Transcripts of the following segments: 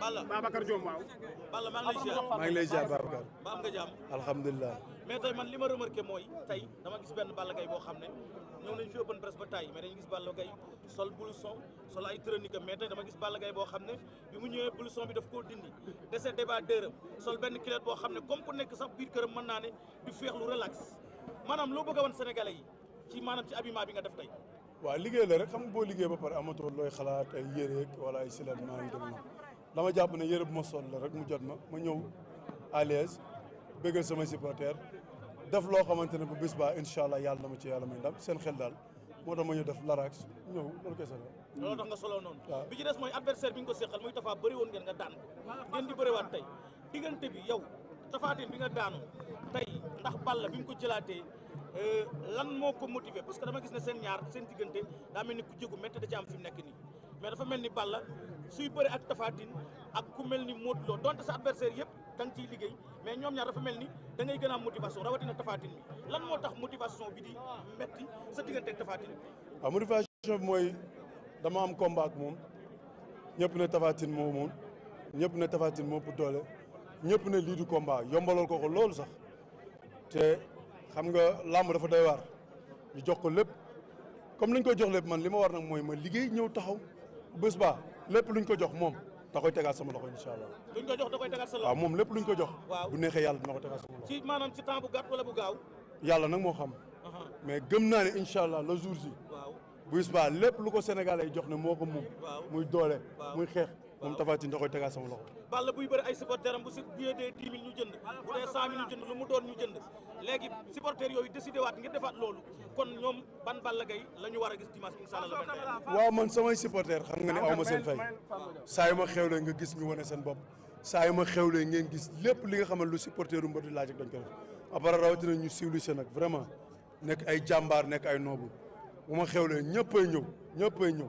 Balla Babacar Diome waaw. Balla maa ngi lay ziar maa ngi lay ziar Babacar. ba am nga jàmm alhamdulilah. mais tey man li ma remarqué mooy tey dama gis benn Balla Gaye boo xam ne ñëw nañ fi open press ba tay mais dañu gis Balla Gaye sol blouson sol ay tërënik mais tey dama gis Balla Gaye boo xam ne bi mu ñëwee blouson bi daf koo dindi dese débat dërëm sol benn kilot boo xam ne comme ku nekk sax biir këram mën naa ne du féex lu relax maanaam loo bëgg a wan sénégalais yi ci maanaam ci abima bi nga def tey. waaw liggéey la rek xam nga boo liggéey ba pare amatoo looy xalaat ay yéreeg wala ay silat maa ngi dem na dama jàpp na yére bu ma sol la rek mu jot ma ma ñëw à l'aise bëggal sama supporter def loo xamante ne bu bis baa incha allah yàlla na ma ci yàlla may ndam seen xel daal moo tax ma ñu def larax ñëw loolu kese la. loolu tax nga solo noonu. bi mooy adversaire bi nga ko seqal muy Tapha bëri nga daan bi ndax Balla bi mu ko jëlaatee Euh, lan moo ko motiver parce que dama gis ne seen ñaar seen diggante daa mel ni ku jégu métti da ci fi mu nekk nii mais dafa mel ni Balla suy bëri ak Tapha Tine ak ku mel ni moo Lo donte sa adversaire yëpp da nga ciy liggéey mais ñoom ñaar dafa mel ni da ngay gën a am motivation rawatina Tapha Tine bi lan moo tax motivation bi di métti sa diggante ak Tapha Tine waaw motivation mooy dama am combat ak moom ñëpp ne Tapha Tine moo moom ñëpp ne Tapha moo pour doole ñëpp ne lii du combat yombalal ko sax xam nga làmb dafa day waar ñu jox ko lépp comme luñ ko jox lépp man li ma war nag mooy ma liggéey ñëw taxaw bés baa lépp luñ ko jox moom da koy tegaat sama loxo incha allah. ko jox da koy tegaat moom lépp luñ ko jox. bu neexee yàlla dina ko tegaat sama loxo. maanaam ci temps bu yàlla nag moo xam. mais gëm naa ne incha allah le jour ji. waaw bés ba lépp lu ko Sénégalais yi jox ne moo ko moom. muy doole muy xeex. moom Tapha Tine da koy tegaat sama loxo. Balla buy bëri ay supporteurs bu si jëndee 10 000 ñu jënd bu dee 100 000 ñu jënd lu mu doon ñu jënd léegi supporteurs yooyu décidé ngir defaat loolu kon ñoom ban Balla Gaye la ñu war a gis dimanche incha allah la waaw xam nga ne aw ma seen saa yu ma xewlee nga gis ñu wane seen bopp saa yu ma xewlee ngeen gis lépp li nga xam lu supporteur mbër di laaj ak dañ ko def après rawatina ñu civilisé nag vraiment nekk ay jàmbaar nekk ay noobu bu ma xewlee ñëppay ñëw ñëppay ñëw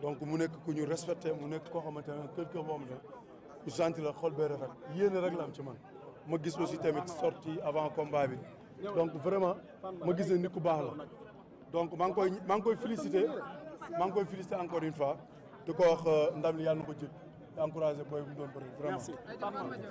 donc mu nekk ku ñu respecté mu nekk koo xamante ne quelqu'un boo xam ne ku gentil la xol bee rafet yéen rek la am ci man ma gis aussi tamit sortie avant combat bi donc vraiment ma gis ne nit ku baax la donc maa ngi koy maa ngi koy félicité maa ngi koy félicité encore une fois di ko wax euh, ndam li yàlla na ko jël encouragé booy bu mu doon bëri vraiment